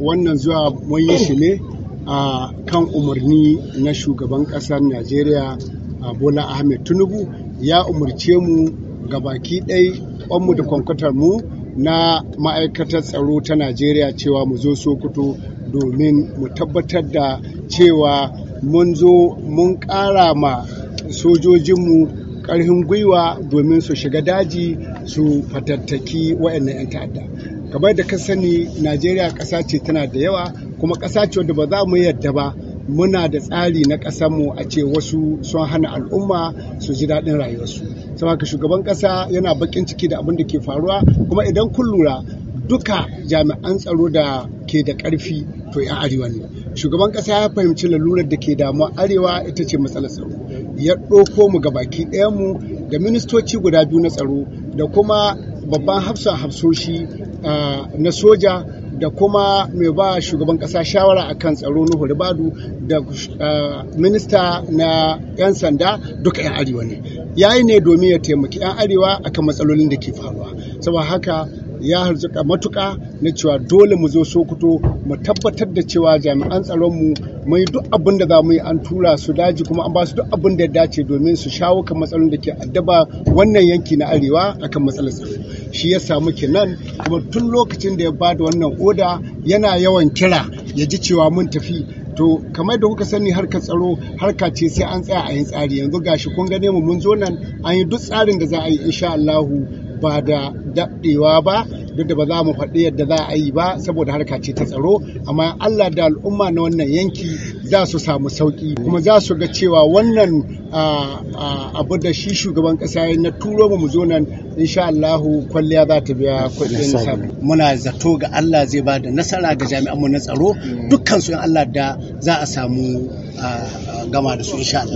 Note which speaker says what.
Speaker 1: wannan zuwa mun yi shi ne a kan umarni na shugaban ƙasar najeriya bola ahmed tinubu ya umarce mu ga baki ɗai mu da kwankwatar mu na ma'aikatar tsaro ta najeriya cewa mu zo sokoto domin mu tabbatar da cewa mun zo mun ƙara ma sojojinmu ƙarfin gwiwa domin su shiga daji su fatattaki waɗannan 'yan ta'adda kamar da ka sani najeriya ƙasa ce tana da yawa kuma ƙasa ce wadda ba za mu yadda ba muna da tsari na mu a ce wasu sun hana al'umma su ji daɗin rayuwarsu saboda shugaban ƙasa yana baƙin ciki da abin da ke faruwa kuma idan kun lura duka jami'an tsaro da ke da ƙarfi to ya arewa ne shugaban ƙasa ya fahimci lalurar da ke damuwa arewa ita ce matsalar tsaro ya ɗauko mu ga baki mu da ministoci guda biyu na tsaro da kuma babban hafsan hafsoshi na soja da kuma mai ba shugaban kasa shawara a kan tsaro nuhu ribadu da minista na 'yan sanda duka 'yan arewa ne yayi ne domin ya taimaki 'yan arewa akan matsalolin da ke faruwa saboda haka ya harzuka matuka na cewa dole mu zo sokoto mu tabbatar da cewa jami'an tsaronmu Mai duk abin da za mu yi an tura su daji kuma an ba su duk abin da ya dace domin su shawo kan matsalolin da ke addaba wannan yanki na arewa akan matsalar tsaro shi ya samu kenan kuma tun lokacin da ya ba da wannan oda yana yawan kira ya ji cewa mun tafi to kamar da kuka sani harkar tsaro harka ce sai an tsaya a yin tsari yanzu gashi kun gane mu mun zo nan an yi duk tsarin da za a yi insha Allahu ba da daɗewa ba duk da ba za mu faɗi yadda za a yi ba saboda harka ce ta tsaro amma Allah da al'umma na wannan yanki za su samu sauki kuma za su ga cewa wannan abu da shi shugaban kasa ya na turo mu zo nan insha Allahu kwalliya za ta biya kuɗin muna zato ga Allah zai ba da nasara ga jami'an mu na tsaro mm. dukkan su in Allah da za a samu gama da su insha Allah